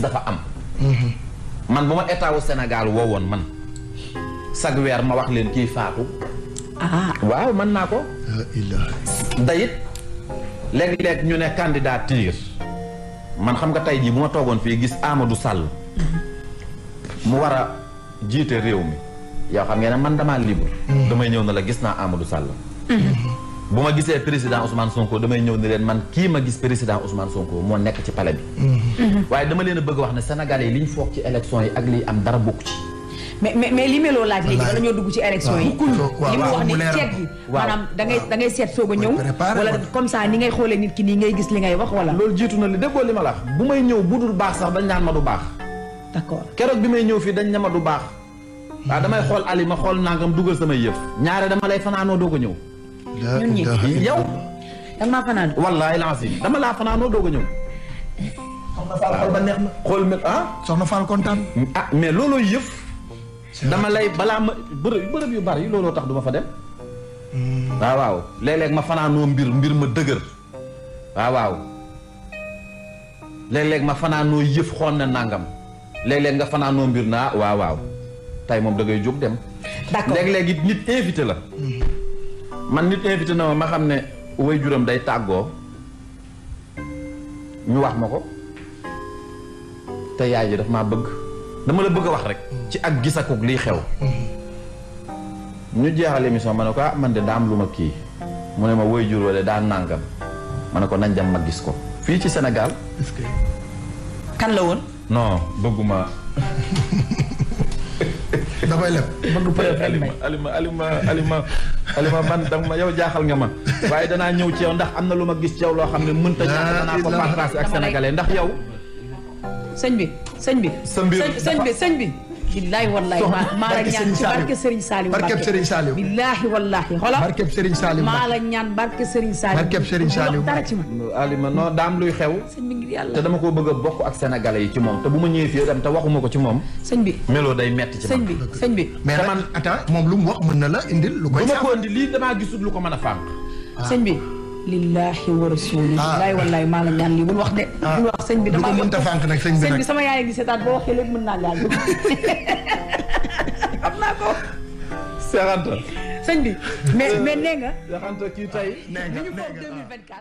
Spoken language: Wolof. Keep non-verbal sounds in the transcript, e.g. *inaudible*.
gis dafa am. man bu ma état wu Sénégal woowoon man sag weer ma wax leen kii faatu. Ah. waaw man naa ko. dayit léeg-léeg ñu ne candidature man xam nga tey jii bu ma toogoon fii gis Amadou Sall. mu war a jiite réew mi. yow xam ngeen man damaa libre. Mm-hmm. damay ñëw na la gis naa Amadou Sall. Mm-hmm. bu ma gisee président Ousmane Sonko damay ñëw ni leen man kii ma gis président Ousmane Sonko moo nekk ci palais bi. Mhm. waaye dama leen bëgg wax ne sénégalais yi li ñu foog ci élection yi ak liy am dara bokk ci. mais mais mais li meloo laaj léegi bala dugg ci élection yi. li mu wax ni ceeb gi. maanaam seet soo a ñëw. wala comme ça ni ngay xoolee nit ki nii ngay gis li ngay wax wala. loolu jiitu na li déggoo li ma la bu may ñëw bu dul baax sax dañ naan ma du baax. d'accord keroog bi may ñëw fii dañ ne ma du baax. waaw damay xool Ali ma xool nangam dugal samay yëf. ñaare dama lay fanaanoo doog a ñëw ñun yow. dama laa fanaanoo doog xool ah? soxna Fall kontaan. ah mais looloo yëf. dama lay balaa ma bërëb yu bari looloo tax duma fa dem. Hmm. waaw waaw léeg ma fanaanoo mbir mbir ma dëgër. léeg ma fanaanoo yëf xool na nangam. léeg-léeg nga fanaanoo mbir naa ah, waaw waaw. tey moom da ngay jóg dem. d'accord léeg-léeg nit invité la. Hmm. man nit invité na ma ma xam ne woy juram day tàggoo ñu wax ma ko te yaay ji daf maa bëgg dama la bëgg a wax rek ci ak gisakuk liy xew ñu jeexal émission ma ne ko ah man de daa am lu ma kii mu ne ma woy jur wala daa nàngam ma ne ko nañ dem ma gis ko fii ci Sénégal kan la woon non bëgguma *laughs* dafay leb man du problème alima alima alima alima alima man danga ma yow jaaxal nga ma waaye danaa ñëw ci yow ndax am na lu ma gis ci yow loo xam ne mënta ñàkk ah, danaa ko partager ak sénégalais ndax yow sëñ bi sëñ bi sëñ bi sëñ bi billaahi wallaahi maa la ñaan ci barke Serigne Saliou barkeb Serigne Saliou billaahi wallaahi xoolal barkeb Serigne Saliou maa la ñaan barke Serigne Saliou barkeb Serigne Saliou dara ci ma alima non daam luy xew te dama ko bëgg a bokk ak sénégalais yi ci moom te bu ma ñëwee fii tam te waxuma ko ci moom sëñ bi meloo day metti ci sëñ bi sëñ bi mais man attends moom lu mu wax mën na la indil lu koy du ma ko indi lii damaa gisul lu ko mën a fànq sëñ bi lillahi wa rasuli laay ah. wallaay maa la ñaan lii bul wax de ah. bul wax sëñ bi dama mënta fànq nag sëñ bi sëñ bi sama yaay gi seetaan boo waxee léegi mën naa gaañ *laughs* xam naa ko seexanta sëñ bi mais mais nee nga